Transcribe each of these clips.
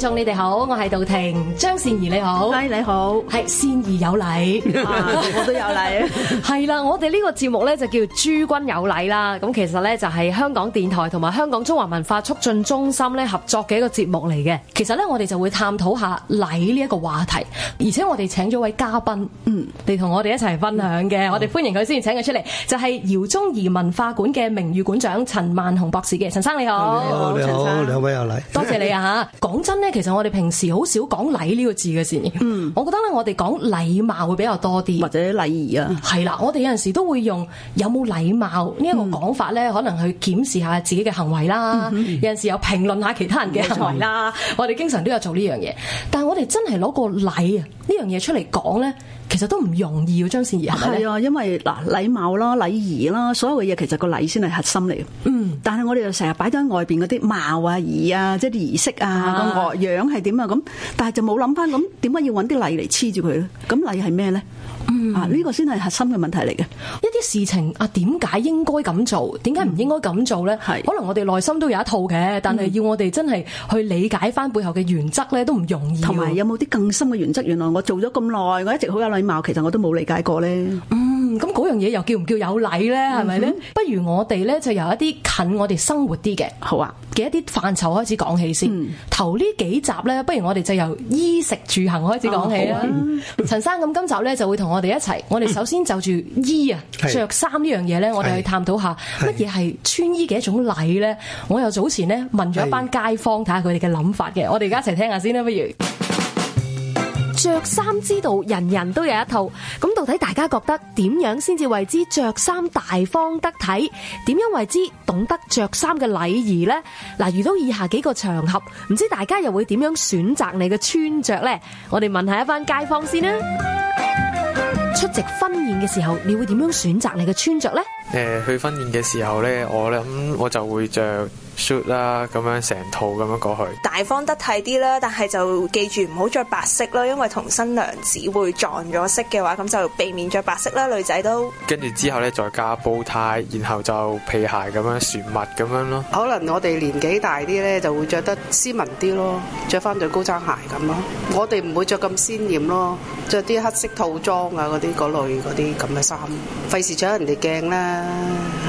聽眾你哋好，我係杜婷。張善儀，你好。嗨，你好。係善儀有禮、 啊，我都有禮，係啦， 我哋呢個節目咧就叫諸君有禮啦。咁其實咧就係香港電台同埋香港中華文化促進中心咧合作嘅一個節目嚟嘅。其實咧我哋就會探討下禮呢一個話題，而且我哋請咗位嘉賓，嗯，你同我哋一齊分享嘅。嗯、我哋歡迎佢先，請佢出嚟，就係、是、饒宗頤文化館嘅名譽館長陳萬雄博士嘅。陳生你好，你好，你好，兩位有禮。多謝你啊吓，講真呢其實我哋平時好少講禮呢個字嘅，先。嗯，我覺得咧，我哋講禮貌會比較多啲，或者禮儀啊。係啦，我哋有陣時都會用有冇禮貌、這個，呢一個講法咧，嗯、可能去檢視下自己嘅行為啦。嗯哼嗯有陣時又評論下其他人嘅行為啦。我哋經常都有做呢樣嘢，但係我哋真係攞個禮啊呢樣嘢出嚟講咧。其實都唔容易，張倩儀係啊，因為嗱禮貌啦，禮儀啦，所有嘅嘢其實個禮先係核心嚟。嗯，但係我哋就成日擺咗喺外邊嗰啲貌啊，儀啊，即係啲儀式啊，啊個外樣係點啊咁，但係就冇諗翻咁點解要搵啲禮嚟黐住佢咧？咁禮係咩咧？嗯，呢、啊呢個先係核心嘅問題嚟嘅。一啲事情啊，點解應該咁做？點解唔應該咁做呢？嗯、係、可能我哋內心都有一套嘅，但係要我哋真係去理解翻背後嘅原則呢，都唔容易。同埋、嗯、有冇啲更深嘅原則？原來我做咗咁耐，我一直好有禮貌，其實我都冇理解過呢。嗯。咁嗰、嗯、樣嘢又叫唔叫有禮咧？係咪咧？Mm hmm. 不如我哋咧就由一啲近我哋生活啲嘅，好啊嘅一啲範疇開始講起先。Mm hmm. 頭呢幾集咧，不如我哋就由衣食住行開始講起啦。Oh, okay. 陳生，咁今集咧就會同我哋一齊，我哋首先就住衣啊、着衫呢樣嘢咧，我哋去探討下乜嘢係穿衣嘅一種禮咧。Mm hmm. 我又早前咧問咗一班街坊，睇下佢哋嘅諗法嘅，我哋而家一齊聽下先，啦，不如？着衫之道，人人都有一套。咁到底大家覺得點樣先至為之着衫大方得體？點樣為之懂得着衫嘅禮儀咧？嗱，遇到以下幾個場合，唔知大家又會點樣選擇你嘅穿着咧？我哋問下一班街坊先啦。出席婚宴嘅時候，你會點樣選擇你嘅穿着咧？誒，去婚宴嘅時候咧，我諗我就會着。suit 啦，咁樣成套咁樣過去，大方得體啲啦，但係就記住唔好着白色咯，因為同新娘子會撞咗色嘅話，咁就避免着白色啦，女仔都跟住之後咧再加煲呔，然後就皮鞋咁樣、船襪咁樣咯。可能我哋年紀大啲咧，就會着得斯文啲咯，着翻對高踭鞋咁咯。我哋唔會着咁鮮艷咯，着啲黑色套裝啊嗰啲嗰類嗰啲咁嘅衫，費事搶人哋鏡啦，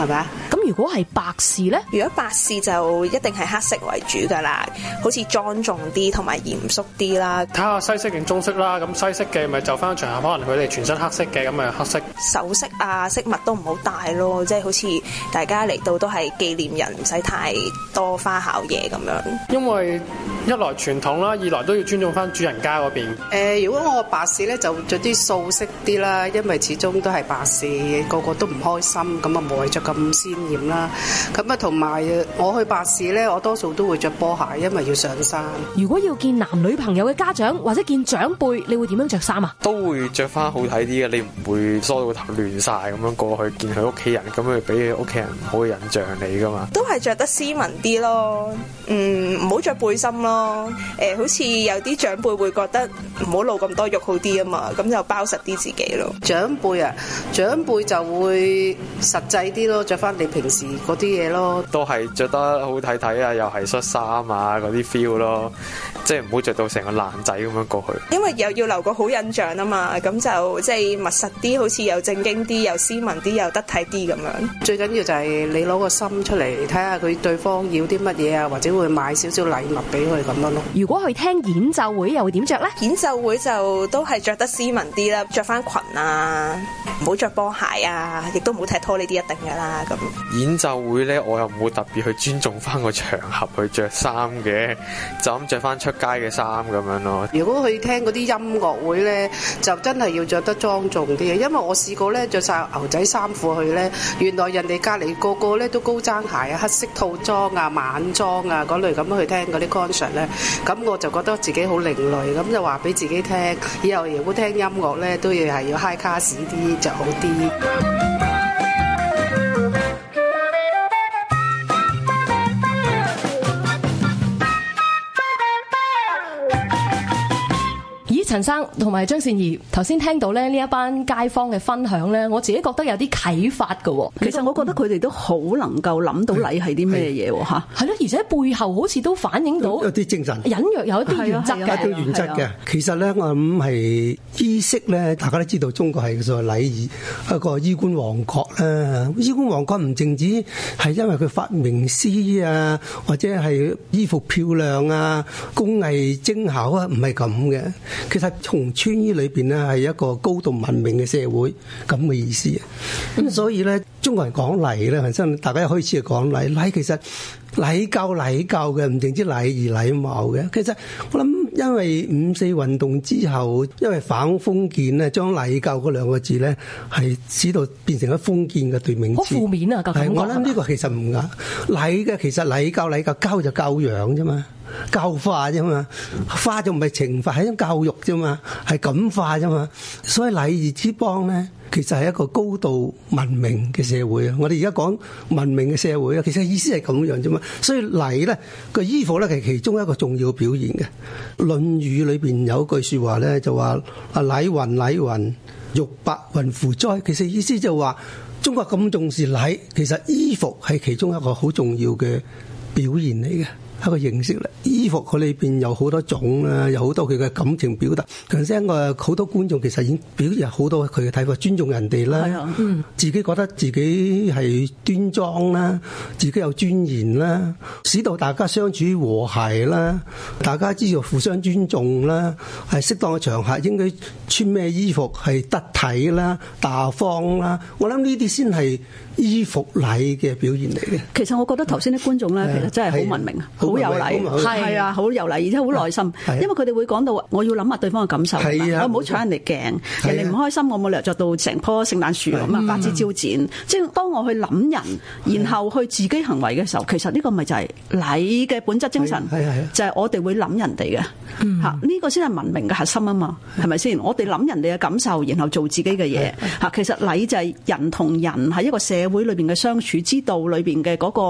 係咪啊？咁如果係白事咧，如果白事就。就一定係黑色為主㗎啦，好似莊重啲同埋嚴肅啲啦。睇下西式定中式啦，咁西式嘅咪就翻場合，可能佢哋全身黑色嘅，咁咪黑色。首飾啊飾物都唔好戴咯，即係好似大家嚟到都係紀念人，唔使太多花巧嘢咁樣。因為一來傳統啦，二來都要尊重翻主人家嗰邊。誒，如果我白事咧，就著啲素色啲啦，因為始終都係白事，個個都唔開心，咁啊冇謂著咁鮮豔啦。咁啊，同埋我去。白事咧，我多數都會着波鞋，因為要上山。如果要見男女朋友嘅家長或者見長輩，你會點樣着衫啊？都會着翻好睇啲嘅，你唔會梳到頭亂晒咁樣過去見佢屋企人，咁樣俾屋企人唔好嘅印象你噶嘛？都係着得斯文啲咯，嗯，唔好着背心咯。誒、呃，好似有啲長輩會覺得唔好露咁多肉好啲啊嘛，咁就包實啲自己咯。長輩啊，長輩就會實際啲咯，着翻你平時嗰啲嘢咯。都係着得。好睇睇啊，又係恤衫啊，嗰啲 feel 咯，即係唔好着到成個爛仔咁樣過去。因為又要留個好印象啊嘛，咁就即係、就是、密實啲，好似又正經啲，又斯文啲，又得體啲咁樣。最緊要就係你攞個心出嚟，睇下佢對方要啲乜嘢啊，或者會買少少禮物俾佢咁樣咯。如果去聽演奏會又會點着咧？演奏會就都係着得斯文啲啦，着翻裙啊，唔好着波鞋啊，亦都唔好踢拖呢啲一定噶啦咁。演奏會咧，我又唔會特別去專仲翻個場合去著衫嘅，就咁著翻出街嘅衫咁樣咯。如果去聽嗰啲音樂會咧，就真係要著得莊重啲嘅，因為我試過咧，著晒牛仔衫褲去咧，原來人哋隔離個個咧都高踭鞋啊、黑色套裝啊、晚裝啊嗰類咁去聽嗰啲 concert 咧，咁我就覺得自己好另類，咁就話俾自己聽，以後如果聽音樂咧，都要係要 high class 啲就好啲。陳生同埋張善儀，頭先聽到咧呢一班街坊嘅分享咧，我自己覺得有啲啟發㗎。其實我覺得佢哋都好能夠諗到禮係啲咩嘢吓，係咯，而且背後好似都反映到有啲精神，隱約有一啲原則原則嘅，其實咧我諗係衣飾咧，大家都知道中國係所謂禮儀一個衣冠王國啦。衣冠王國唔淨止係因為佢發明絲啊，或者係衣服漂亮啊，工藝精巧啊，唔係咁嘅。其實從穿衣裏邊咧，係一個高度文明嘅社會，咁嘅意思。咁所以咧，中國人講禮咧，真，大家一開始就講禮。禮其實禮教禮教嘅，唔淨止禮而禮貌嘅。其實我諗，因為五四運動之後，因為反封建咧，將禮教嗰兩個字咧，係使到變成咗封建嘅代名詞。好負面啊個感覺。我諗呢個其實唔啱，禮嘅其實禮教禮教教就教養啫嘛。教化啫嘛，化就唔係懲罰，係種教育啫嘛，係感化啫嘛。所以禮儀之邦咧，其實係一個高度文明嘅社會啊。我哋而家講文明嘅社會啊，其實意思係咁樣啫嘛。所以禮咧個衣服咧，係其中一個重要表現嘅。《論語》裏邊有句說話咧，就話啊禮云禮云，玉帛云乎哉？其實意思就話，中國咁重視禮，其實衣服係其中一個好重要嘅表現嚟嘅。一個形式啦，衣服佢裏邊有好多種啦，有好多佢嘅感情表達。頭先，我好多觀眾其實已經表現好多佢嘅睇法，尊重人哋啦，係啊，嗯，自己覺得自己係端莊啦，自己有尊嚴啦，使到大家相處和諧啦，大家知道互相尊重啦，係適當嘅場合應該穿咩衣服係得體啦、大方啦。我諗呢啲先係衣服禮嘅表現嚟嘅。其實我覺得頭先啲觀眾咧，其實真係好文明啊。好有禮，係啊，好有禮，而且好耐心。因為佢哋會講到，我要諗下對方嘅感受，我唔好搶人哋鏡，人哋唔開心，我冇理由著到成棵聖誕樹咁啊，花枝招展。即係當我去諗人，然後去自己行為嘅時候，其實呢個咪就係禮嘅本質精神，就係我哋會諗人哋嘅嚇。呢個先係文明嘅核心啊嘛，係咪先？我哋諗人哋嘅感受，然後做自己嘅嘢嚇。其實禮就係人同人喺一個社會裏邊嘅相處之道裏邊嘅嗰個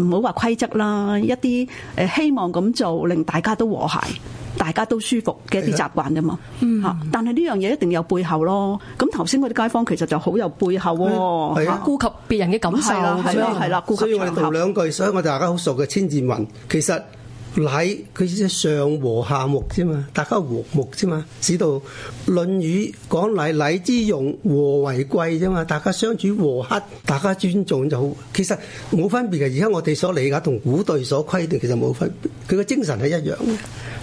唔好話規則啦，一啲。誒，希望咁做令大家都和諧，大家都舒服嘅一啲習慣啫嘛。吓的，嗯、但係呢樣嘢一定要有背後咯。咁頭先嗰啲街坊其實就好有背後，顧及別人嘅感受。係啦，係啦，顧及的。的所以我哋頭兩句，所以我哋大家好熟嘅千字文，其實。禮佢只上和下睦啫嘛，大家和睦啫嘛。知道《論語》講禮，禮之用和為貴啫嘛。大家相處和洽，大家尊重就好。其實冇分別嘅。而家我哋所理解同古代所規定，其實冇分別，佢個精神係一樣。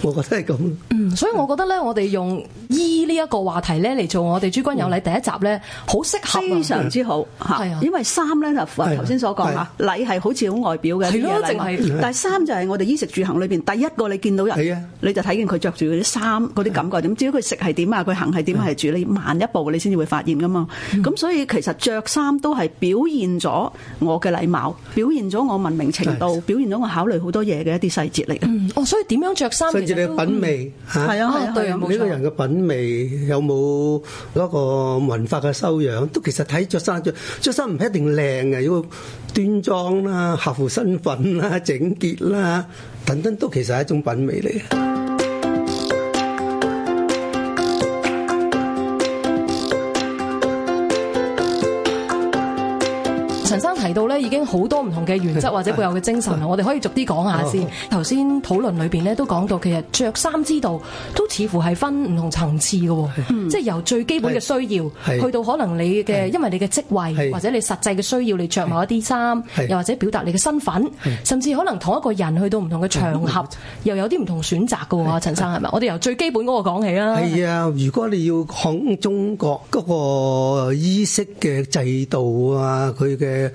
我覺得係咁。嗯，所以我覺得咧，我哋用衣呢一個話題咧嚟做我哋《諸君有禮》第一集咧，好適合，非常之好吓。係啊。因為衫咧就頭先所講吓，禮係好似好外表嘅，係咯，淨係。但係衫就係我哋衣食住行。裏邊第一個你見到人，你就睇見佢着住嗰啲衫，嗰啲感覺點？至於佢食係點啊，佢行係點係住？你慢一步，你先至會發現噶嘛。咁所以其實着衫都係表現咗我嘅禮貌，表現咗我文明程度，表現咗我考慮好多嘢嘅一啲細節嚟嘅。哦，所以點樣着衫？甚至你嘅品味吓，係啊，對冇錯。呢個人嘅品味有冇嗰個文化嘅修養？都其實睇着衫着，着衫唔一定靚嘅，要端莊啦、合乎身份啦、整潔啦。等等都其實係一種品味嚟嘅。到咧，已經好多唔同嘅原則或者背後嘅精神，我哋可以逐啲講下先。頭先討論裏邊咧，都講到其實着衫之道都似乎係分唔同層次嘅，即係由最基本嘅需要，去到可能你嘅，因為你嘅職位或者你實際嘅需要，你着某一啲衫，又或者表達你嘅身份，甚至可能同一個人去到唔同嘅場合，又有啲唔同選擇喎。陳生係咪？我哋由最基本嗰個講起啦。係啊，如果你要講中國嗰個衣飾嘅制度啊，佢嘅。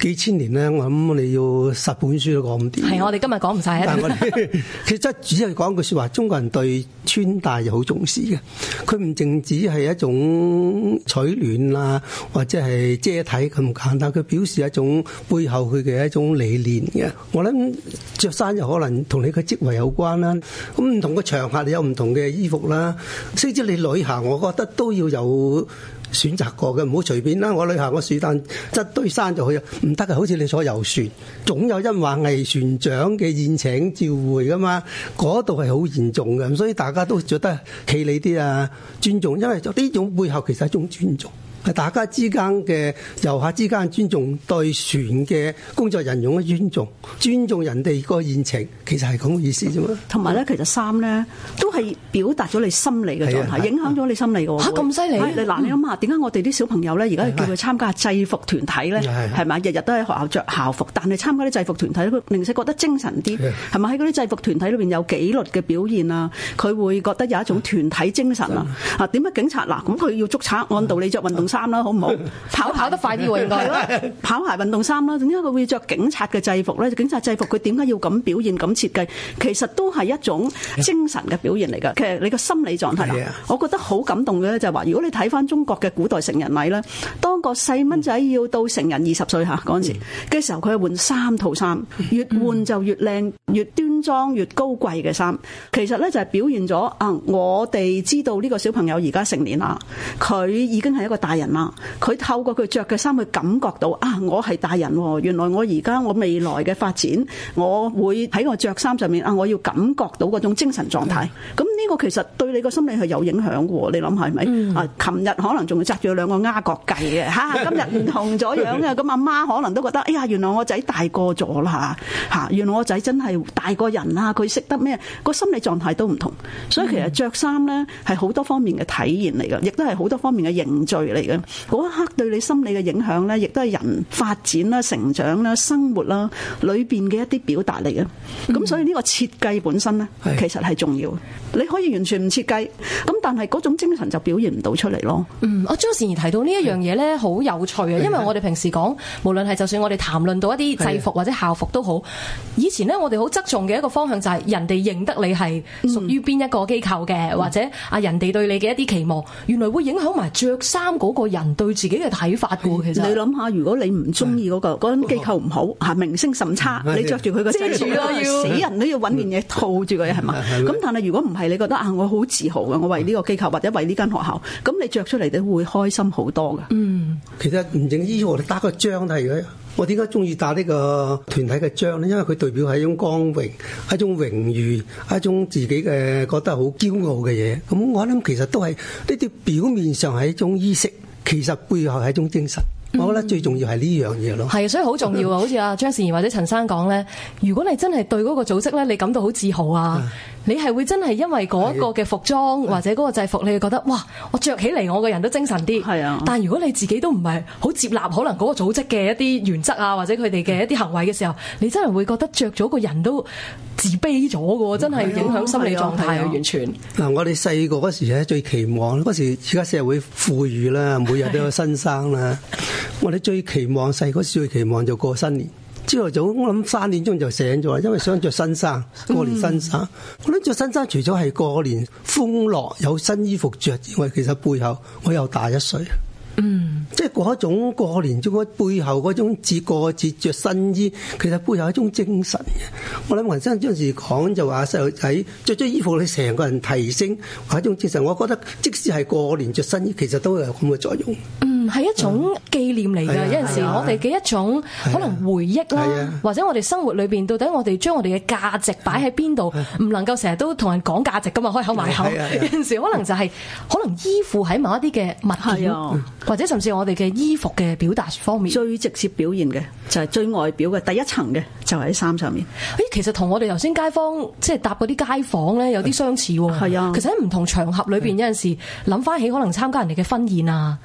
幾千年咧，我諗我哋要十本書都講唔掂。係我哋今日講唔晒啊！但係我哋其實真只係講一句說話，中國人對穿戴又好重視嘅。佢唔淨止係一種取暖啦，或者係遮體咁簡單。佢表示一種背後佢嘅一種理念嘅。我諗着衫又可能同你嘅職位有關啦。咁唔同嘅場合你有唔同嘅衣服啦。甚至你旅行，我覺得都要有。選擇過嘅唔好隨便啦！我旅行嗰時隨便一堆衫就去啊，唔得嘅。好似你坐遊船，總有一晚係船長嘅宴請召會㗎嘛，嗰度係好嚴重嘅，所以大家都著得企理啲啊，尊重，因為呢種背後其實係一種尊重。大家之間嘅遊客之間尊重，對船嘅工作人員嘅尊重，尊重人哋個現情，其實係咁嘅意思啫嘛。同埋咧，其實衫咧都係表達咗你心理嘅狀態，影響咗你心理喎。嚇咁犀利！嗱，你諗下，點解我哋啲小朋友咧，而家係叫佢參加制服團體咧？係咪？日日都喺學校着校服，但係參加啲制服團體佢令使覺得精神啲，係咪？喺嗰啲制服團體裏邊有紀律嘅表現啊，佢會覺得有一種團體精神啊。啊，點解警察嗱，咁佢要捉賊？按道理着運動。衫啦，好唔好？跑跑得快啲喎，應該。跑鞋運動衫啦，點解佢會着警察嘅制服咧？警察制服佢點解要咁表現、咁設計？其實都係一種精神嘅表現嚟㗎。其實你個心理狀態，我覺得好感動嘅咧，就係話，如果你睇翻中國嘅古代成人禮呢，當個細蚊仔要到成人二十歲下嗰陣時，嘅時候佢係換三套衫，越換就越靚、越端莊、越高貴嘅衫。其實呢，就係表現咗啊！我哋知道呢個小朋友而家成年啦，佢已經係一個大人啦，佢透過佢着嘅衫去感覺到啊，我係大人喎，哦。原來我而家我未來嘅發展，我會喺我着衫上面啊，我要感覺到嗰種精神狀態。咁呢、嗯、個其實對你個心理係有影響喎。你諗下係咪、嗯、啊？琴日可能仲紮住兩個鴨角髻嘅，嚇、啊、今日唔同咗樣嘅。咁阿 媽、媽可能都覺得，哎呀，原來我仔大個咗啦，嚇、啊，原來我仔真係大個人啦。佢識得咩？個心理狀態都唔同。所以其實着衫咧係好多方面嘅體現嚟嘅，亦都係好多方面嘅凝聚嚟嗰一刻對你心理嘅影響呢，亦都係人發展啦、成長啦、生活啦裏邊嘅一啲表達嚟嘅。咁、嗯、所以呢個設計本身呢，是的 其實係重要。你可以完全唔設計，咁但係嗰種精神就表現唔到出嚟咯。嗯，阿、啊、張善賢提到呢一樣嘢呢，好是的 有趣啊。因為我哋平時講，無論係就算我哋談論到一啲制服或者校服都好，是的 以前呢，我哋好側重嘅一個方向就係人哋認得你係屬於邊一個機構嘅，嗯、或者啊人哋對你嘅一啲期望，原來會影響埋着衫嗰個個人對自己嘅睇法噶，其實你諗下，如果你唔中意嗰個嗰種機構唔好吓，名聲甚差，你着住佢嘅，死人都要揾件嘢套住佢係嘛？咁但係如果唔係，你覺得啊，我好自豪嘅，我為呢個機構或者為呢間學校，咁你着出嚟都會開心好多噶。嗯，其實唔淨係衣服我哋打個章都係嘅。我點解中意打呢個團體嘅章呢？因為佢代表係一種光榮，一種榮譽，一種自己嘅覺得好驕傲嘅嘢。咁我諗，其實都係呢啲表面上係一種意識。其實背後係一種精神。我覺得最重要係呢樣嘢咯，係啊、嗯，所以好重要啊！好似阿張善賢或者陳生講咧，如果你真係對嗰個組織咧，你感到好自豪啊，啊你係會真係因為嗰個嘅服裝或者嗰個制服，啊、你會覺得哇，我着起嚟我個人都精神啲，係啊。但如果你自己都唔係好接納，可能嗰個組織嘅一啲原則啊，或者佢哋嘅一啲行為嘅時候，你真係會覺得着咗個人都自卑咗嘅，真係影響心理狀態啊！啊完全嗱、啊，我哋細個嗰時咧最期望嗰時，而家社會富裕啦，每日都有新生啦。啊 我哋最期望細嗰時最期望就過新年。朝頭早我諗三點鐘就醒咗，因為想着新衫，過年新衫。嗯、我諗着新衫除咗係過年歡樂有新衣服着之外，我其實背後我又大一歲。嗯，即係嗰種過年中背後嗰種節過節着新衣，其實背後有一種精神嘅。我諗雲生當時講就話細路仔着咗衣服，你成個人提升係一種精神。我覺得即使係過年着新衣，其實都會有咁嘅作用。嗯。係一種紀念嚟㗎，有陣時我哋嘅一種可能回憶啦，或者我哋生活裏邊到底我哋將我哋嘅價值擺喺邊度，唔能夠成日都同人講價值咁啊，開口埋口。有陣時可能就係可能依附喺某一啲嘅物件，或者甚至我哋嘅衣服嘅表達方面，最直接表現嘅就係最外表嘅第一層嘅就係衫上面。誒，其實同我哋頭先街坊即係搭嗰啲街坊咧，有啲相似喎。係啊，其實喺唔同場合裏邊有陣時諗翻起，可能參加人哋嘅婚宴啊，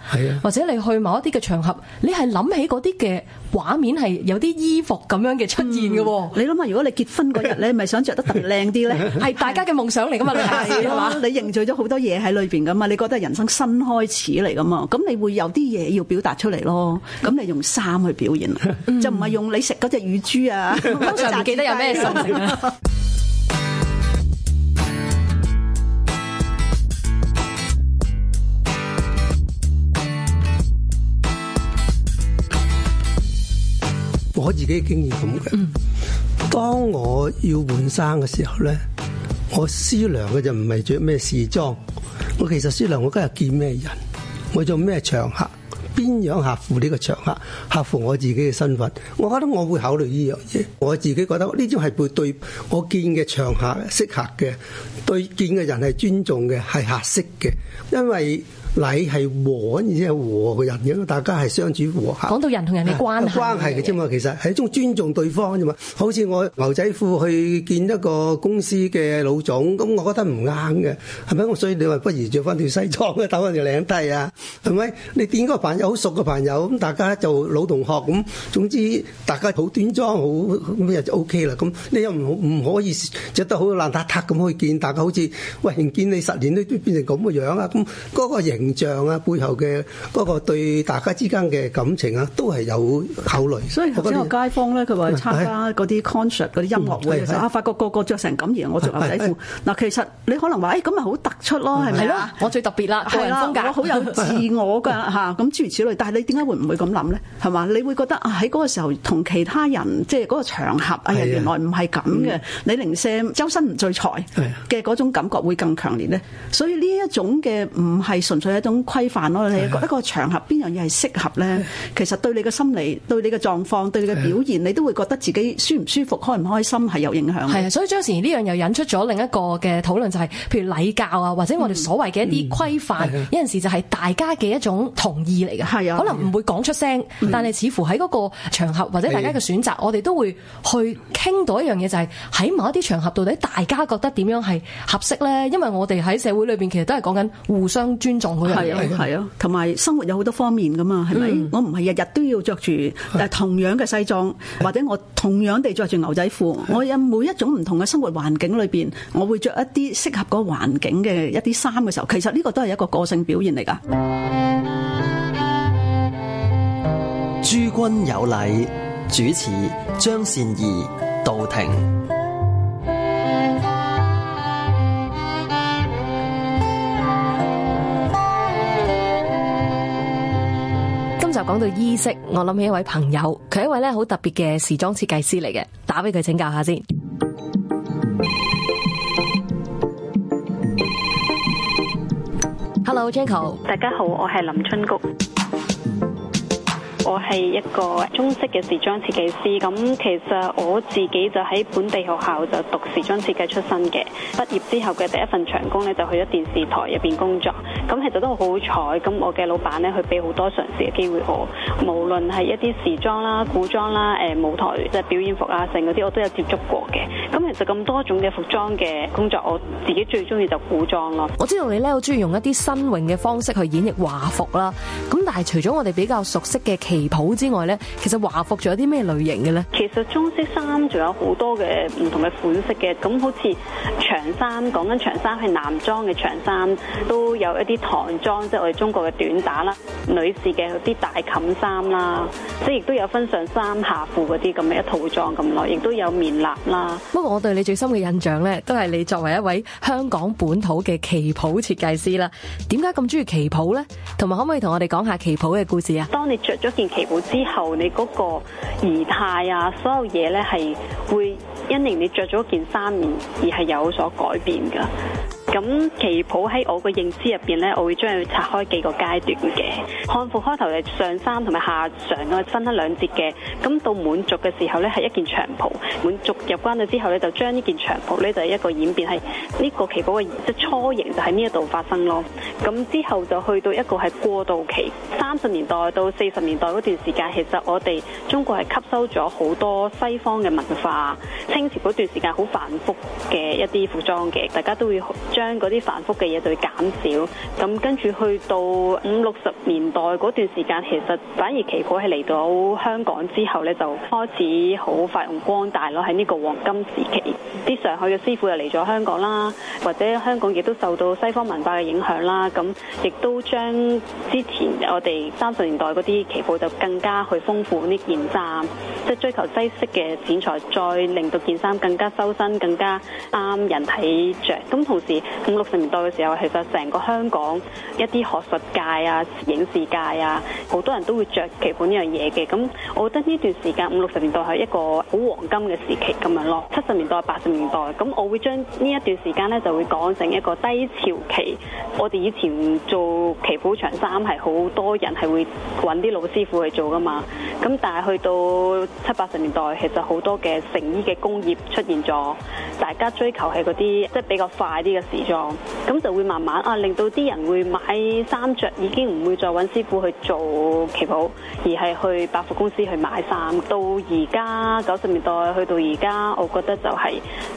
或者你。你去某一啲嘅場合，你係諗起嗰啲嘅畫面，係有啲衣服咁樣嘅出現嘅、嗯。你諗下，如果你結婚嗰日，你咪想着得特別靚啲咧，係大家嘅夢想嚟噶嘛？係嘛？你凝聚咗好多嘢喺裏邊噶嘛？你覺得人生新開始嚟噶嘛？咁你會有啲嘢要表達出嚟咯。咁你用衫去表演、嗯、就唔係用你食嗰隻乳豬啊？唔 記得有咩衫啦。 我自己經驗咁嘅，當我要換衫嘅時候咧，我思量嘅就唔係着咩時裝，我其實思量我今日見咩人，我做咩場合哪樣合，邊樣合乎呢個場合合，合乎我自己嘅身份，我覺得我會考慮呢樣嘢，我自己覺得呢種係對我見嘅場合適合嘅，對見嘅人係尊重嘅，係合適嘅，因為。禮係和，咁而且係和嘅人嘅，大家係相處和諧。講到人同人嘅關係，關係嘅啫嘛，其實係一種尊重對方嘅啫嘛。好似我牛仔褲去見一個公司嘅老總，咁我覺得唔啱嘅，係咪？我所以你話不如著翻條西裝啊，打翻條領呔啊，係咪？你點個朋友好熟嘅朋友，咁大家就老同學咁，總之大家好端莊好咁樣就 OK 啦。咁你又唔唔可以著得好爛邋遢遢咁去見，大家好似喂見你十年都都變成咁嘅樣啊！咁嗰個型形象啊，背後嘅個對大家之間嘅感情啊，都係有考慮。所以頭先個街坊咧，佢話參加嗰啲 concert 嗰啲音樂會嘅時候，哎、呀啊，哎、發覺個個著成咁嘢，哎哎、我著牛仔褲。嗱、哎呀，其實你可能話誒咁咪好突出咯，係咪啊？我最特別啦，係啦，我好有自我噶吓，咁諸、哎、呀如此類，但係你點解會唔會咁諗咧？係嘛？你會覺得啊，喺個時候同其他人，即、就、係、是、個場合，的哎呀，原來唔係咁嘅。嗯、你零舍周身唔聚財嘅種感覺會更強烈咧。所以呢一種嘅唔係純粹。一種規範咯，你覺得一個場合邊樣嘢係適合咧？的其實對你嘅心理、對你嘅狀況，對你嘅表現，的你都會覺得自己舒唔舒服、開唔開心係有影響。係啊，所以張時賢呢樣又引出咗另一個嘅討論，就係、是、譬如禮教啊，或者我哋所謂嘅一啲規範，嗯嗯、有陣時就係大家嘅一種同意嚟嘅。啊的，可能唔會講出聲，的但係似乎喺個個場合或者大家嘅選擇，的我哋都會去傾到一樣嘢，就係、是、喺某一啲場合，到底大家覺得點樣係合適咧？因為我哋喺社會裏邊其實都係講緊互相尊重。係啊，係啊，同 埋樂生活有好多方面噶嘛，係咪？ 我唔係日日都要着住誒同樣嘅西裝， 或者我同樣地着住牛仔褲。 我有每一種唔同嘅生活環境裏面，我會着一啲適合嗰個環境嘅一啲衫嘅時候，其實呢個都係一個個性表現嚟噶。諸君有禮，主持張善宜到庭。講到衣飾，我諗起一位朋友，佢係一位咧好特別嘅時裝設計師嚟嘅，打俾佢請教一下先。Hello，Jaco，大家好，我係林春菊。我係一個中式嘅時裝設計師，咁其實我自己就喺本地學校就讀時裝設計出身嘅。畢業之後嘅第一份長工咧，就去咗電視台入邊工作。咁其實都好彩，咁我嘅老闆咧，佢俾好多嘗試嘅機會我。無論係一啲時裝啦、古裝啦、誒舞台即係、就是、表演服啊，成嗰啲我都有接觸過嘅。咁其實咁多種嘅服裝嘅工作，我自己最中意就古裝咯。我知道你咧好中意用一啲新穎嘅方式去演繹華服啦。咁但係除咗我哋比較熟悉嘅旗袍之外咧，其實華服仲有啲咩類型嘅咧？其實中式衫仲有好多嘅唔同嘅款式嘅，咁好似長衫，講緊長衫係男裝嘅長衫，都有一啲唐裝，即係我哋中國嘅短打啦，女士嘅啲大襟衫啦，即係亦都有分上衫下褲嗰啲咁嘅一套裝，咁耐亦都有棉衲啦。不過我對你最深嘅印象咧，都係你作為一位香港本土嘅旗袍設計師啦，點解咁中意旗袍咧？同埋可唔可以同我哋講一下旗袍嘅故事啊？當你着咗件。旗袍之後，你嗰個儀態啊，所有嘢咧，係會因應你着咗件衫而而係有所改變噶。咁旗袍喺我嘅認知入邊咧，我會將佢拆開幾個階段嘅。漢服開頭係上衫同埋下裳啊，我分一兩截嘅。咁到滿族嘅時候咧，係一件長袍。滿族入關咗之後咧，就將呢件長袍咧，就係一個演變，係呢個旗袍嘅即係雛形，就喺呢一度發生咯。咁之後就去到一個係過渡期，三十年代到四十年代嗰段時間，其實我哋中國係吸收咗好多西方嘅文化。清朝嗰段時間好繁複嘅一啲服裝嘅，大家都會。將嗰啲繁複嘅嘢就會減少，咁跟住去到五六十年代嗰段時間，其實反而旗袍係嚟到香港之後呢，就開始好發揚光大咯。喺呢個黃金時期，啲上海嘅師傅又嚟咗香港啦，或者香港亦都受到西方文化嘅影響啦，咁亦都將之前我哋三十年代嗰啲旗袍就更加去豐富啲件衫，即係追求西式嘅剪裁，再令到件衫更加修身、更加啱人體着。咁同時五六十年代嘅時候，其實成個香港一啲學術界啊、影視界啊，好多人都會着旗袍呢樣嘢嘅。咁我覺得呢段時間五六十年代係一個好黃金嘅時期咁樣咯。七十年代、八十年代，咁我會將呢一段時間咧就會講成一個低潮期。我哋以前做旗袍長衫係好多人係會揾啲老師傅去做噶嘛。咁但係去到七八十年代，其實好多嘅成衣嘅工業出現咗，大家追求係嗰啲即係比較快啲嘅。時裝咁就會慢慢啊，令到啲人會買衫着，已經唔會再揾師傅去做旗袍，而係去百貨公司去買衫。到而家九十年代去到而家，我覺得就係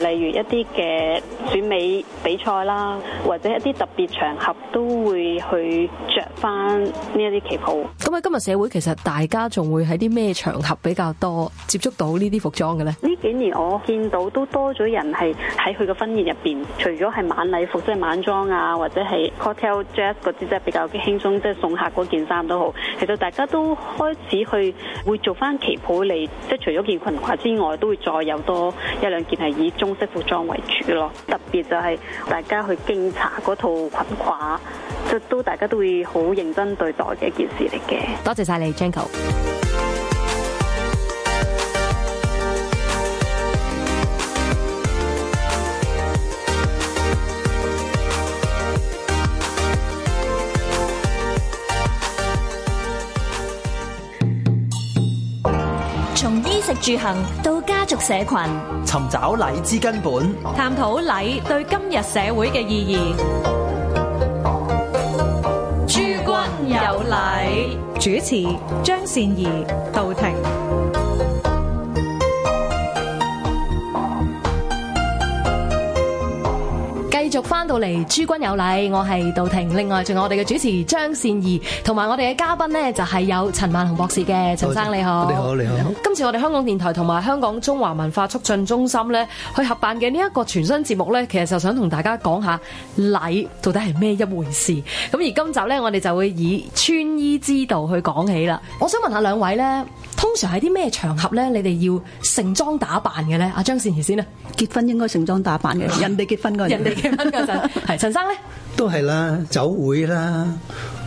例如一啲嘅選美比賽啦，或者一啲特別場合都會去着翻呢一啲旗袍。咁喺今日社會其實大家仲會喺啲咩場合比較多接觸到呢啲服裝嘅咧？呢幾年我見到都多咗人係喺佢嘅婚宴入邊，除咗係晚禮服即係晚裝啊，或者係 cocktail dress 嗰啲，即係比較輕鬆，即係送客嗰件衫都好。其實大家都開始去會做翻旗袍嚟，即係除咗件裙褂之外，都會再有多一兩件係以中式服裝為主咯。特別就係大家去敬茶嗰套裙褂，即都大家都會好認真對待嘅一件事嚟嘅。多謝晒你，Janko。住行到家族社群，尋找禮之根本，探討禮對今日社會嘅意義。諸君有禮，主持張善儀到庭。繼續返到嚟，諸君有禮，我係杜婷。另外仲有我哋嘅主持張善儀，同埋我哋嘅嘉賓呢，就係、是、有陳萬雄博士嘅陳生，你好，你好你好。你好，今次我哋香港電台同埋香港中華文化促進中心呢，去合辦嘅呢一個全新節目呢，其實就想同大家講下禮到底係咩一回事。咁而今集呢，我哋就會以穿衣之道去講起啦。我想問下兩位呢，通常喺啲咩場合呢？你哋要盛裝打扮嘅呢？阿張善儀先呢，結婚應該盛裝打扮嘅，人哋結婚人哋嘅。嗰陣係陳生咧，都係啦，酒會啦，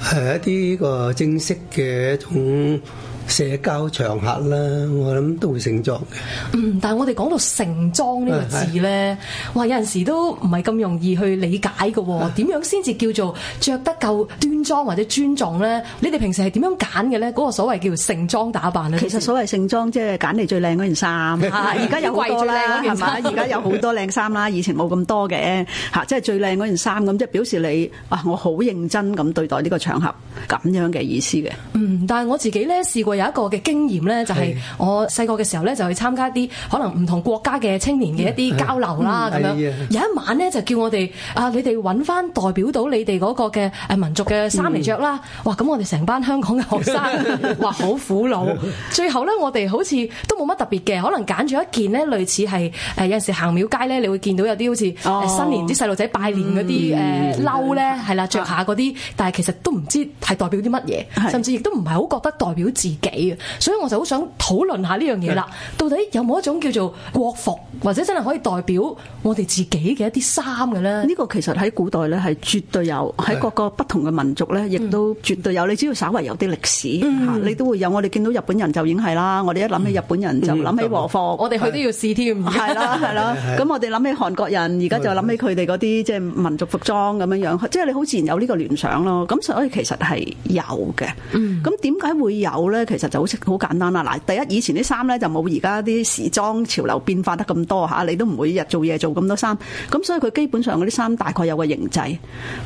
係一啲個正式嘅一種。社交場合啦，我諗都會盛裝嘅。嗯，但係我哋講到盛裝呢個字咧，啊、哇，有陣時都唔係咁容易去理解嘅。點、啊、樣先至叫做著得夠端莊或者尊重咧？你哋平時係點樣揀嘅咧？嗰、嗰個所謂叫盛裝打扮咧？其實所謂盛裝即係揀你最靚嗰件衫。而家 有好多啦，係嘛？而家 有好多靚衫啦， 以前冇咁多嘅嚇，即係最靚嗰件衫咁，即係表示你啊，我好認真咁對待呢個場合，咁樣嘅意思嘅。嗯，但係我自己咧試過。有一個嘅經驗咧，就係我細個嘅時候咧，就去參加啲可能唔同國家嘅青年嘅一啲交流啦，咁樣有一晚咧就叫我哋啊，你哋揾翻代表到你哋嗰個嘅誒民族嘅衫嚟著啦。嗯、哇，咁我哋成班香港嘅學生哇，好 苦惱。最後咧，我哋好似都冇乜特別嘅，可能揀住一件咧，類似係誒有陣時行廟街咧，你會見到有啲好似新年啲細路仔拜年嗰啲誒褸咧，係啦、嗯，着下嗰啲，但係其實都唔知係代表啲乜嘢，甚至亦都唔係好覺得代表字幾啊！所以我就好想討論下呢樣嘢啦。到底有冇一種叫做國服，或者真係可以代表我哋自己嘅一啲衫嘅咧？呢個其實喺古代咧係絕對有，喺各個不同嘅民族咧，亦都絕對有。你只要稍微有啲歷史嚇，你都會有。我哋見到日本人就已經係啦，我哋一諗起日本人就諗起和服，我哋去都要試添。係啦，係啦。咁我哋諗起韓國人，而家就諗起佢哋嗰啲即係民族服裝咁樣樣，即係你好自然有呢個聯想咯。咁所以其實係有嘅。咁點解會有咧？其實就好好簡單啦，嗱，第一以前啲衫咧就冇而家啲時裝潮流變化得咁多嚇，你都唔會日做嘢做咁多衫，咁所以佢基本上嗰啲衫大概有個形制，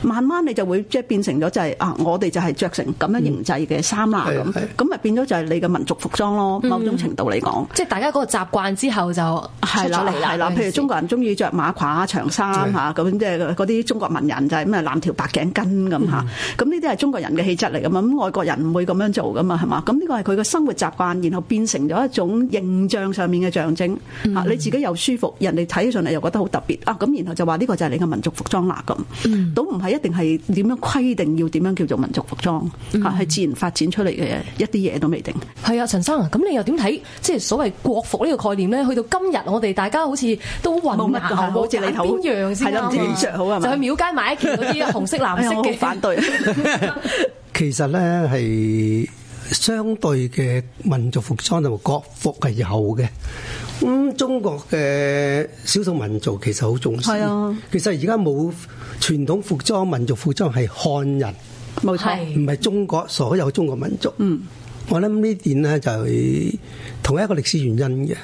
慢慢你就會即係變成咗就係、是、啊，我哋就係着成咁樣形制嘅衫啊咁，咁咪、嗯、變咗就係你嘅民族服裝咯，某種程度嚟講，嗯、即係大家嗰個習慣之後就出咗嚟啦。係啦，譬如中國人中意着馬褂長衫嚇，咁即係嗰啲中國文人就係咩啊攬條白頸巾咁嚇，咁呢啲係中國人嘅氣質嚟㗎嘛，咁外國人唔會咁樣做㗎嘛，係嘛，咁呢、呢個。係佢個生活習慣，然後變成咗一種形象上面嘅象徵啊！嗯、你自己又舒服，人哋睇起上嚟又覺得好特別啊！咁然後就話呢個就係你嘅民族服裝啦咁，嗯、都唔係一定係點樣規定要點樣叫做民族服裝，嗯、啊？係自然發展出嚟嘅一啲嘢都未定。係啊，陳生啊，咁你又點睇即係所謂國服呢個概念咧？去到今日，我哋大家好似都混淆，嗯嗯，我着邊樣先啊？係咯，點着好啊？就去廟街買一件嗰啲紅色、 藍色嘅。反對。其實咧係。相對嘅民族服裝同埋國服係有嘅，咁、嗯、中國嘅少數民族其實好重視。係啊，其實而家冇傳統服裝，民族服裝係漢人，冇是錯，唔係中國所有中國民族。嗯，我諗呢點咧就係同一個歷史原因嘅。咁、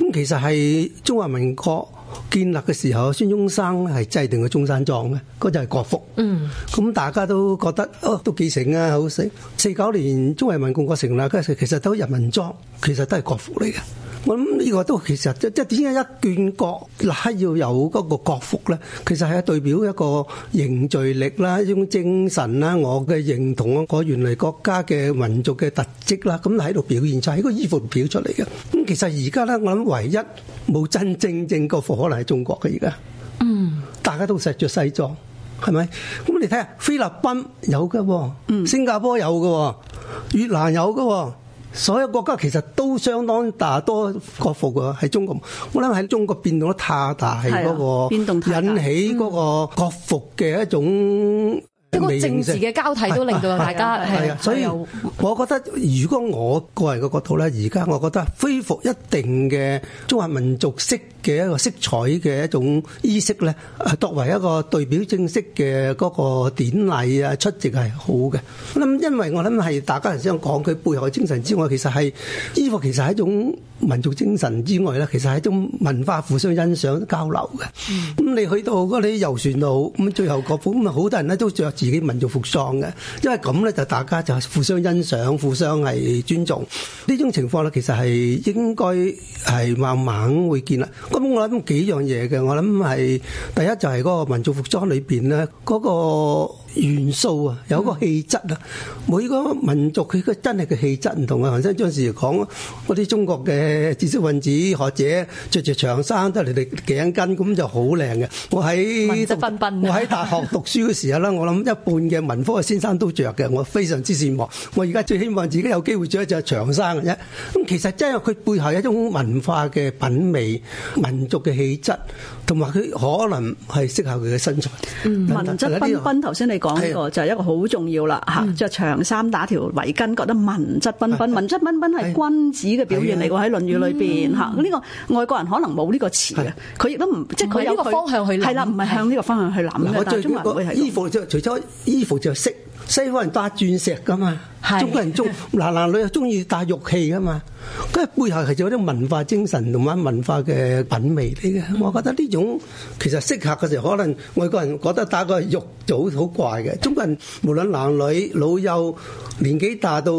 嗯、其實係中華民國。建立嘅時候，孫中山咧係制定嘅中山裝嘅，嗰就係國服。嗯，咁大家都覺得哦，都幾成啊，好成。四九年中華民共國成立嗰時，其實都係人民裝，其實都係國服嚟嘅。我諗呢個都其實即即點解一眷國嗱，要有嗰個國服咧？其實係代表一個凝聚力啦，一種精神啦，我嘅認同我原嚟國家嘅民族嘅特質啦，咁喺度表現就喺個衣服表出嚟嘅。咁其實而家咧，我諗唯一冇真正正國服可能係中國嘅而家。嗯，大家都實着西裝，係咪？咁你睇下菲律賓有㗎喎、哦，新加坡有喎、哦，越南有喎、哦。所有國家其實都相當大多國服㗎，喺中國，我諗喺中國變動得太大，係嗰個引起嗰個國服嘅一種。呢個政治嘅交替都令到大家係、啊啊啊啊，所以我覺得如果我個人嘅角度咧，而家我覺得恢復一定嘅中華民族式嘅一個色彩嘅一種衣飾咧，作為一個代表正式嘅嗰個典禮啊，出席係好嘅。咁因為我諗係大家頭先講佢背後嘅精神之外，其實係衣服其實係一種。民族精神之外咧，其實係一種文化互相欣賞交流嘅。咁你去到嗰啲遊船路咁最後個款咁啊，好多人咧都著自己民族服裝嘅，因為咁咧就大家就互相欣賞、互相係尊重呢種情況咧，其實係應該係慢慢會見啦。咁我諗幾樣嘢嘅，我諗係第一就係嗰個民族服裝裏邊咧嗰個。元素啊，有個氣質啊，每個民族佢個真係嘅氣質唔同啊。黃生當時講，我啲中國嘅知識分子學者着住長衫，得嚟條頸巾咁就好靚嘅。我喺我喺大學讀書嘅時候咧，我諗一半嘅文科先生都着嘅，我非常之羨慕。我而家最希望自己有機會着一隻長衫嘅啫。咁其實真係佢背後有一種文化嘅品味、民族嘅氣質。同埋佢可能係適合佢嘅身材。文質彬彬，頭先你講呢個就係一個好重要啦嚇。著長衫打條圍巾，覺得文質彬彬。文質彬彬係君子嘅表現嚟喎，喺《論語》裏邊嚇。呢個外國人可能冇呢個詞啊。佢亦都唔即係佢有呢個方向去。係啦，唔係向呢個方向去諗我最中意。衣服就除咗衣服就識西方人戴鑽石㗎嘛，中國人中男男女又中意戴玉器㗎嘛。佢係背後係有啲文化精神同埋文化嘅品味嚟嘅，我覺得呢種其實適合嘅時候，可能外國人覺得打個玉鐲好怪嘅，中國人無論男女老幼年紀大到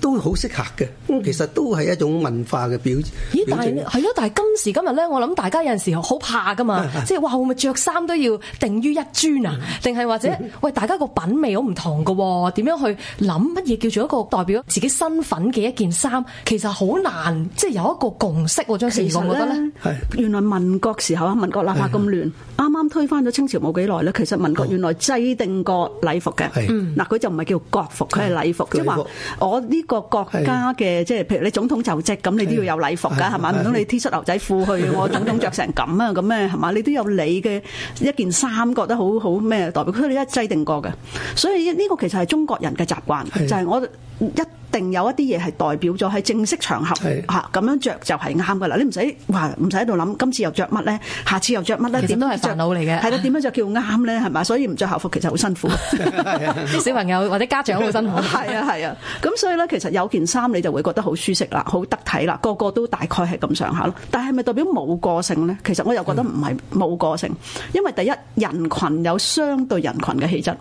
都好適合嘅，其實都係一種文化嘅表現。咦？但係係咯，但係今時今日咧，我諗大家有陣時好怕噶嘛，是的是即係哇，會唔會着衫都要定於一尊啊？定係、嗯、或者、嗯、喂，大家個品味好唔同噶、哦，點樣去諗乜嘢叫做一個代表自己身份嘅一件衫？其實好。好難，即係有一個共識喎。其實我覺得咧，原來民國時候啊，民國立法咁亂，啱啱推翻咗清朝冇幾耐咧。其實民國原來制定過禮服嘅，嗱佢就唔係叫國服，佢係禮服。即係話我呢個國家嘅，即係譬如你總統就職咁，你都要有禮服噶，係嘛？唔通你 T 恤牛仔褲去？我總統着成咁啊？咁咩係嘛？你都有你嘅一件衫，覺得好好咩？代表佢你一制定過嘅，所以呢個其實係中國人嘅習慣，就係我。一定有一啲嘢係代表咗係正式場合嚇咁樣著就係啱噶啦，你唔使話唔使喺度諗今次又著乜咧，下次又著乜咧，點都係煩惱嚟嘅。係咯，點樣就叫啱咧？係咪，所以唔著校服其實好辛苦，小朋友或者家長好辛苦。係啊係啊，咁所以咧，其實有件衫你就會覺得好舒適啦，好得體啦，個個都大概係咁上下咯。但係咪代表冇個性咧？其實我又覺得唔係冇個性，因為第一人羣有相對人羣嘅氣質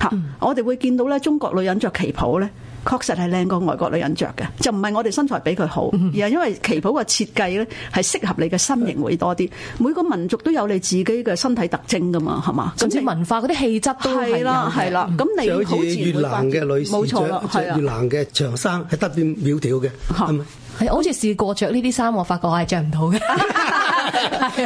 嚇，我哋會見到咧中國女人著旗袍咧。確實係靚過外國女人著嘅，就唔係我哋身材比佢好，而係因為旗袍嘅設計咧，係適合你嘅身形會多啲。每個民族都有你自己嘅身體特徵噶嘛，係嘛？甚至文化嗰啲氣質都係啦，係啦。咁你好似越南嘅女士，冇錯啦，越南嘅長衫係特別苗條嘅，係咪？係，好似試過着呢啲衫，我發覺我係着唔到嘅。係、 啊，係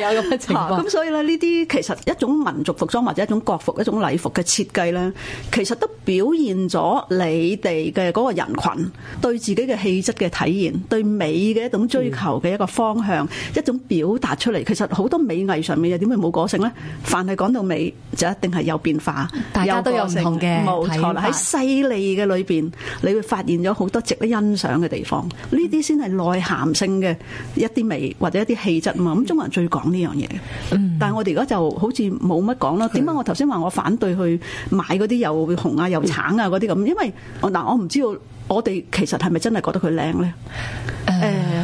有咁嘅情況。咁所以咧，呢啲其實一種民族服裝或者一種國服、一種禮服嘅設計咧，其實都表現咗你哋嘅嗰個人群對自己嘅氣質嘅體現，對美嘅一種追求嘅一個方向，嗯、一種表達出嚟。其實好多美藝上面又點會冇個性咧？凡係講到美，就一定係有變化，大家都有唔同嘅睇法。喺細膩嘅裏邊，你會發現咗好多值得欣賞嘅地。呢啲先係內涵性嘅一啲味或者一啲氣質嘛，咁中國人最講呢樣嘢。嗯、但係我哋而家就好似冇乜講咯。點解我頭先話我反對去買嗰啲又紅啊又橙啊嗰啲咁？因為嗱，我唔知道我哋其實係咪真係覺得佢靚呢？誒、呃。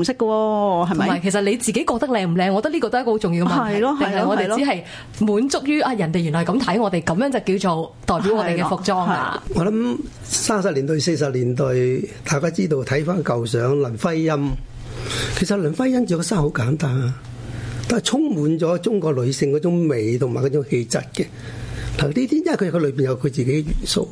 唔識嘅喎，係咪？唔係，其實你自己覺得靚唔靚？我覺得呢個都係一個好重要嘅問題。係咯，係我哋只係滿足於啊，人哋原來咁睇我哋，咁樣就叫做代表我哋嘅服裝啦。我諗三十年代、四十年代，大家知道睇翻舊相，林徽因。其實林徽因着嘅衫好簡單，但係充滿咗中國女性嗰種美同埋嗰種氣質嘅。頭呢啲，因為佢個裏邊有佢自己嘅元素，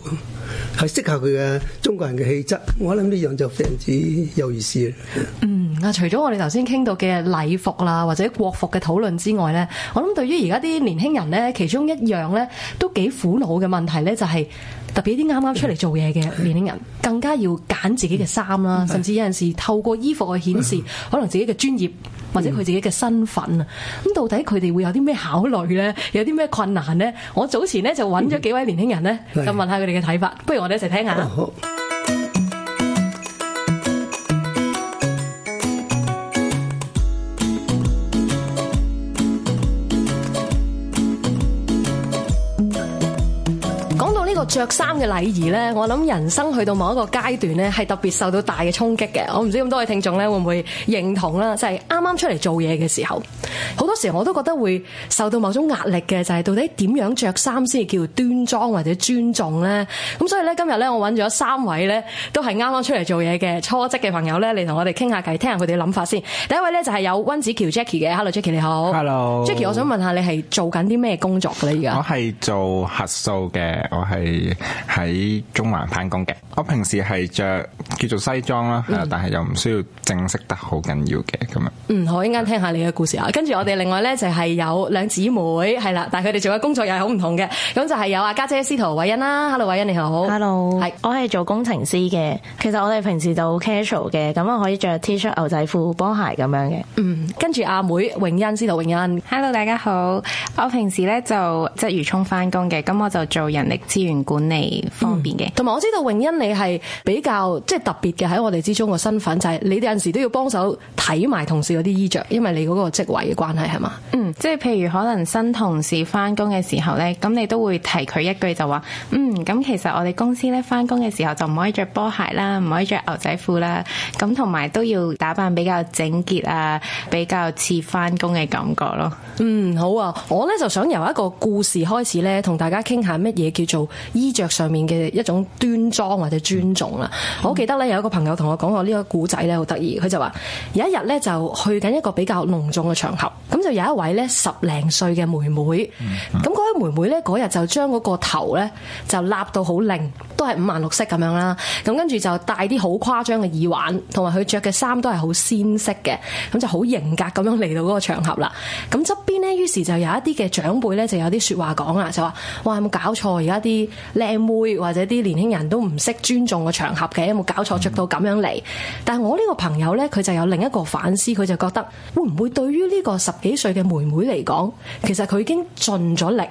係適合佢嘅中國人嘅氣質。我諗呢樣就非常之有意思。嗯，啊，除咗我哋頭先傾到嘅禮服啦，或者國服嘅討論之外呢，我諗對於而家啲年輕人呢，其中一樣呢都幾苦惱嘅問題呢，就係、是、特別啲啱啱出嚟做嘢嘅年輕人，嗯、更加要揀自己嘅衫啦，嗯、甚至有陣時透過衣服去顯示、嗯、可能自己嘅專業。或者佢自己嘅身份啊，咁、嗯、到底佢哋會有啲咩考慮咧？有啲咩困難咧？我早前咧就揾咗幾位年輕人咧，就問下佢哋嘅睇法，是的 不如我哋一齊聽下。着衫嘅禮儀咧，我諗人生去到某一個階段咧，係特別受到大嘅衝擊嘅。我唔知咁多位聽眾咧會唔會認同啦？就係啱啱出嚟做嘢嘅時候，好多時我都覺得會受到某種壓力嘅，就係、是、到底點樣着衫先至叫端莊或者尊重咧？咁所以咧今日咧，我揾咗三位咧，都係啱啱出嚟做嘢嘅初職嘅朋友咧，嚟同我哋傾下偈，聽下佢哋嘅諗法先。第一位咧就係有温子喬 Jackie 嘅，Hello Jackie，你好。Hello Jackie，我想問下你係做緊啲咩工作嘅咧？而家我係做核數嘅，我係。喺中環翻工嘅，我平時係着叫做西裝啦，嗯、但係又唔需要正式得好緊要嘅咁樣。嗯，好，依家聽下你嘅故事啊。嗯、跟住我哋另外咧就係、是、有兩姊妹係啦，但係佢哋做嘅工作又係好唔同嘅。咁就係有阿家姐司徒偉欣啦，Hello，偉欣你好，Hello，係，Hi. 我係做工程師嘅。其實我哋平時就 casual 嘅，咁我可以着 T 恤、牛仔褲、波鞋咁樣嘅。嗯，跟住阿妹永欣司徒永欣，Hello，大家好，我平時咧就即鰂、就是、魚涌翻工嘅，咁我就做人力資源。管理方便嘅，同埋、嗯、我知道永欣你係比較即係、就是、特別嘅喺我哋之中個身份，就係、是、你哋有陣時都要幫手睇埋同事嗰啲衣着，因為你嗰個職位嘅關係係嘛？嗯，即係譬如可能新同事翻工嘅時候呢，咁你都會提佢一句就話，嗯，咁其實我哋公司呢翻工嘅時候就唔可以着波鞋啦，唔可以着牛仔褲啦，咁同埋都要打扮比較整潔啊，比較似翻工嘅感覺咯。嗯，好啊，我呢就想由一個故事開始呢，同大家傾下乜嘢叫做。衣着上面嘅一種端莊或者尊重啦，嗯、我記得咧有一個朋友同我講過呢個古仔咧，好得意。佢就話有一日咧就去緊一個比較隆重嘅場合，咁就有一位咧十零歲嘅妹妹，咁嗰位妹妹咧嗰日就將嗰個頭咧就立到好靚，都係五顏六色咁樣啦，咁跟住就戴啲好誇張嘅耳環，同埋佢着嘅衫都係好鮮色嘅，咁就好型格咁樣嚟到嗰個場合啦。咁側邊咧於是就有一啲嘅長輩咧就有啲說話講啦就話：哇，有冇搞錯而家啲靚妹或者啲年輕人都唔識尊重個場合嘅，有冇搞錯着到咁樣嚟？但我呢個朋友呢，佢就有另一個反思，佢就覺得會唔會對於呢個十幾歲嘅妹妹嚟講，其實佢已經盡咗力。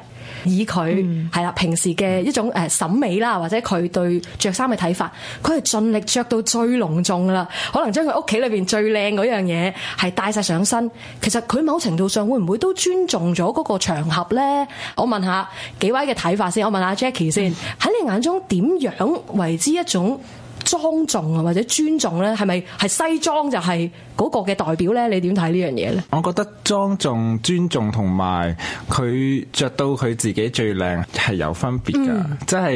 以佢係啦，平時嘅一種誒審美啦，或者佢對着衫嘅睇法，佢係盡力着到最隆重噶啦，可能將佢屋企裏邊最靚嗰樣嘢係戴晒上身。其實佢某程度上會唔會都尊重咗嗰個場合咧？我問下幾位嘅睇法先。我問下 Jackie 先，喺 你眼中點樣為之一種莊重或者尊重咧？係咪係西裝就係、是？嗰個嘅代表咧，你點睇呢樣嘢咧？我覺得莊重、尊重同埋佢著到佢自己最靚係有分別㗎，嗯、即係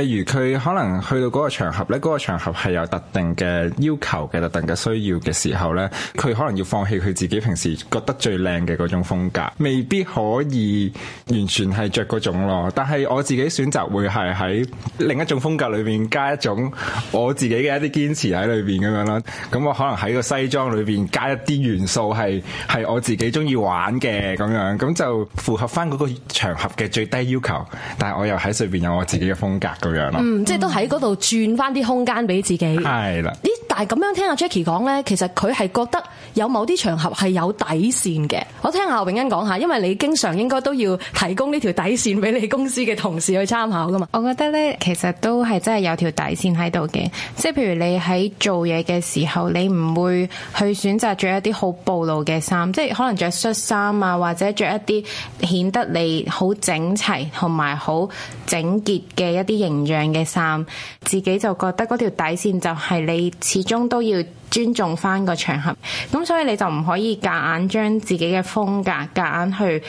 例如佢可能去到嗰個場合咧，嗰、嗰個場合係有特定嘅要求嘅、特定嘅需要嘅時候咧，佢可能要放棄佢自己平時覺得最靚嘅嗰種風格，未必可以完全係著嗰種咯。但係我自己選擇會係喺另一種風格裏面加一種我自己嘅一啲堅持喺裏邊咁樣啦。咁我可能喺個西裝裏邊加一啲元素，係係我自己中意玩嘅咁樣，咁就符合翻嗰個場合嘅最低要求。但係我又喺上邊有我自己嘅風格咁樣咯。嗯，即係都喺嗰度轉翻啲空間俾自己。係啦、嗯，咦？但係咁樣聽阿 Jacky 講咧，其實佢係覺得有某啲場合係有底線嘅。我聽阿榮恩講下，因為你經常應該都要提供呢條底線俾你公司嘅同事去參考噶嘛。我覺得咧，其實都係真係有條底線喺度嘅。即係譬如你喺做嘢嘅時候，你唔會。去選擇着一啲好暴露嘅衫，即係可能着恤衫啊，或者着一啲顯得你好整齊同埋好整潔嘅一啲形象嘅衫，自己就覺得嗰條底線就係你始終都要。尊重返個場合，咁所以你就唔可以夾硬將自己嘅風格夾硬去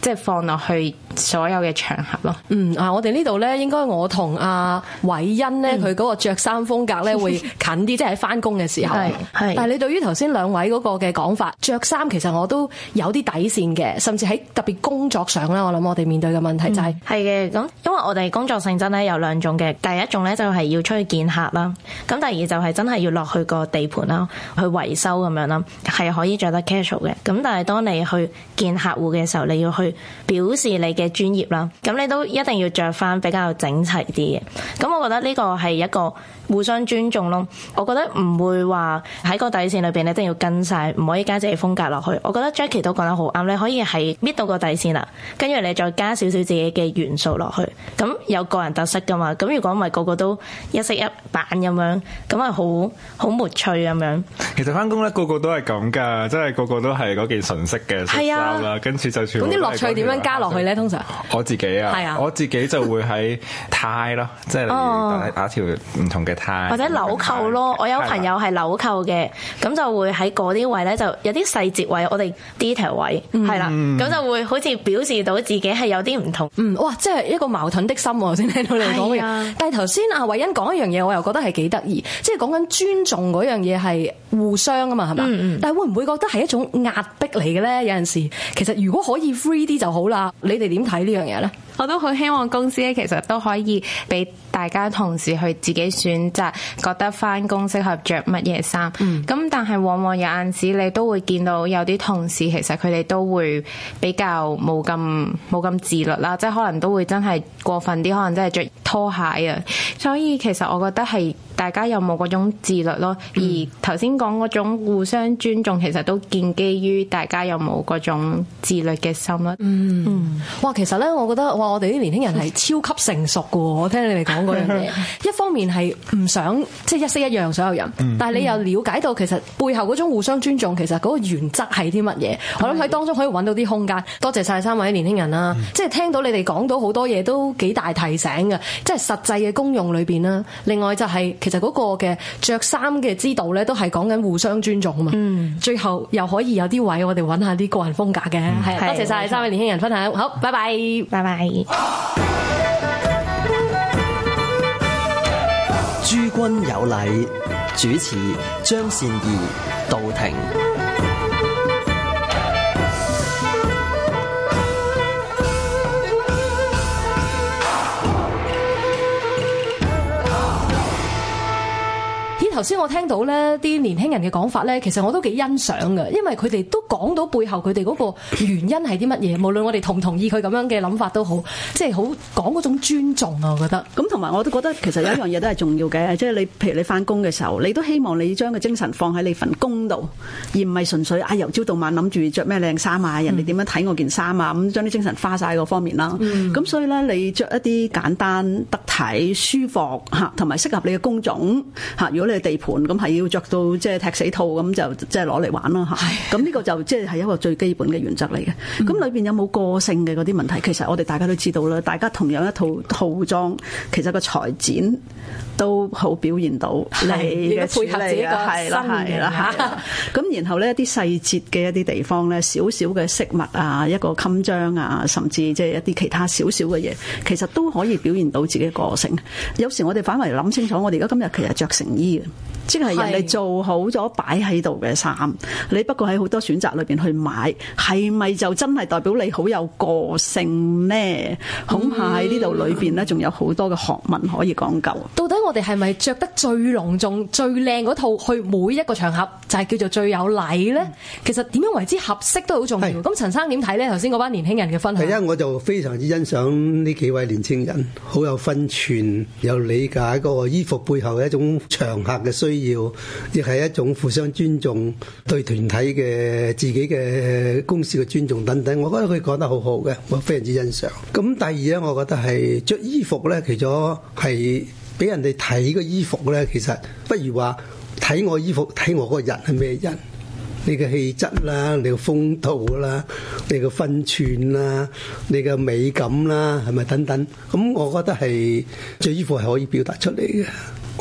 即係放落去所有嘅場合咯。嗯，啊，我哋呢度咧，應該我同阿偉恩咧，佢嗰、嗯、個着衫風格咧會近啲， 即係喺返工嘅時候。係，但你對於頭先兩位嗰個嘅講法，着衫其實我都有啲底線嘅，甚至喺特別工作上咧，我諗我哋面對嘅問題就係、是，係嘅咁，因為我哋工作性質咧有兩種嘅，第一種咧就係要出去見客啦，咁第二就係真係要落去個地盤，啦，去維修咁樣啦，係可以着得 casual 嘅。咁但係當你去見客戶嘅時候，你要去表示你嘅專業啦。咁你都一定要着翻比較整齊啲嘅。咁我覺得呢個係一個。互相尊重咯，我覺得唔會話喺個底線裏邊咧，一定要跟晒，唔可以加自己的風格落去。我覺得 Jackie、er、都講得好啱，你可以係搣到個底線啦，跟住你再加少少自己嘅元素落去，咁有個人特色噶嘛。咁如果唔係個個都一式一版咁樣，咁係好好沒趣咁樣。其實翻工咧，個個都係咁㗎，真係個個都係嗰件純色嘅衫啦，啊、跟住就算。咁啲樂趣點樣加落去咧？通常我自己啊，啊我自己就會喺 tie 咯，即係 打，打一條唔同嘅、哦。或者鈕扣咯，我有朋友係鈕扣嘅，咁就會喺嗰啲位咧，就有啲細節位，我哋 detail 位係啦，咁、嗯、就會好似表示到自己係有啲唔同。嗯，哇，即係一個矛盾的心，我先聽到你講嘅是、啊。但係頭先阿偉恩講一樣嘢，我又覺得係幾得意，即係講緊尊重嗰樣嘢係互相啊嘛，係嘛？嗯、但係會唔會覺得係一種壓迫嚟嘅咧？有陣時，其實如果可以 free 啲就好啦。你哋點睇呢樣嘢咧？我都好希望公司咧，其實都可以俾大家同事去自己選擇，覺得翻工適合著乜嘢衫。咁、嗯、但係往往有陣時，你都會見到有啲同事其實佢哋都會比較冇咁冇咁自律啦，即係可能都會真係過分啲，可能真係著拖鞋啊。所以其實我覺得係。大家有冇嗰種自律咯？嗯、而頭先講嗰種互相尊重，其實都建基於大家有冇嗰種自律嘅心。嗯，嗯，哇，其實咧，我覺得哇，我哋啲年輕人係超級成熟嘅喎！ 我聽你哋講嗰樣嘢， 一方面係唔想即係、就是、一式一樣所有人，嗯、但係你又了解到其實背後嗰種互相尊重，其實嗰個原則係啲乜嘢？對我諗喺當中可以揾到啲空間。多謝晒三位年輕人啦！嗯、即係聽到你哋講到好多嘢都幾大提醒嘅，即係實際嘅功用裏面啦。另外就係、是。其實嗰個嘅着衫嘅之道咧，都係講緊互相尊重啊嘛。嗯，最後又可以有啲位我哋揾下啲個人風格嘅，係多謝晒三位年輕人分享。好，拜拜，拜拜。諸君有禮，主持張善宜到庭。頭先我聽到咧啲年輕人嘅講法咧，其實我都幾欣賞㗎，因為佢哋都講到背後佢哋嗰個原因係啲乜嘢，無論我哋同唔同意佢咁樣嘅諗法都好，即係好講嗰種尊重啊，我覺得。咁同埋我都覺得其實有一樣嘢都係重要嘅，即係你譬如你返工嘅時候，你都希望你將個精神放喺你份工度，而唔係純粹啊由朝到晚諗住着咩靚衫啊，嗯、人哋點樣睇我件衫啊，咁將啲精神花曬嗰方面啦。咁、嗯、所以咧，你着一啲簡單得體、舒服嚇，同埋適合你嘅工種嚇，如果你。地盤咁係要着到即係踢死兔咁就即係攞嚟玩啦嚇。咁呢、啊、個就即係一個最基本嘅原則嚟嘅。咁裏、嗯、面有冇個性嘅嗰啲問題？其實我哋大家都知道啦。大家同樣一套套裝，其實個裁剪都好表現到你嘅配合自己嘅，係啦，係啦，咁然後呢，一啲細節嘅一啲地方呢，少少嘅飾物啊，一個襟章啊，甚至即係一啲其他少少嘅嘢，其實都可以表現到自己個性。有時我哋反為諗清楚，我哋而家今日其實着成衣即係人哋做好咗擺喺度嘅衫，你不過喺好多選擇裏邊去買，係咪就真係代表你好有個性呢？嗯、恐怕喺呢度裏邊呢，仲有好多嘅學問可以講究。嗯、到底我哋係咪着得最隆重、最靚嗰套去每一個場合，就係、是、叫做最有禮呢？嗯、其實點樣為之合適都好重要。咁陳是生點睇呢？頭先嗰班年輕人嘅分享係啊，我就非常之欣賞呢幾位年輕人，好有分寸，有理解個衣服背後嘅一種場合。嘅需要，亦係一種互相尊重，對團體嘅自己嘅公司嘅尊重等等。我覺得佢講得好好嘅，我非常之欣賞。咁第二咧，我覺得係着衣服咧，其實係俾人哋睇個衣服咧，其實不如話睇我衣服，睇我個人係咩人，你嘅氣質啦，你嘅風度啦，你嘅分寸啦，你嘅美感啦，係咪等等？咁我覺得係着衣服係可以表達出嚟嘅。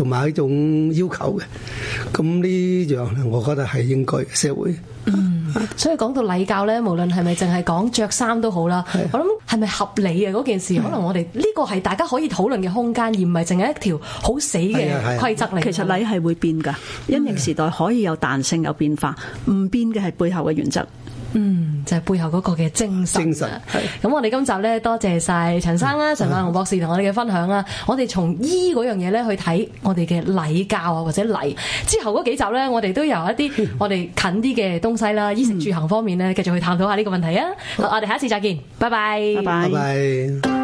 同埋呢種要求嘅，咁呢樣咧，我覺得係應該嘅社會。嗯，所以講到禮教咧，無論係咪淨係講着衫都好啦，是啊、我諗係咪合理嘅嗰件事，啊、可能我哋呢個係大家可以討論嘅空間，而唔係淨係一條好死嘅規則嚟。是啊是啊、其實禮係會變噶，啊、因應時代可以有彈性有變化，唔變嘅係背後嘅原則。嗯，就係、是、背後嗰個嘅精神。咁我哋今集咧多謝晒陳生啦，陳萬雄博士同我哋嘅分享啦。嗯、我哋從醫嗰樣嘢咧去睇我哋嘅禮教啊，或者禮之後嗰幾集咧，我哋都由一啲我哋近啲嘅東西啦，衣 食住行方面咧，繼續去探討下呢個問題啊。嗯、我哋下次再見，拜拜。拜拜 bye。Bye bye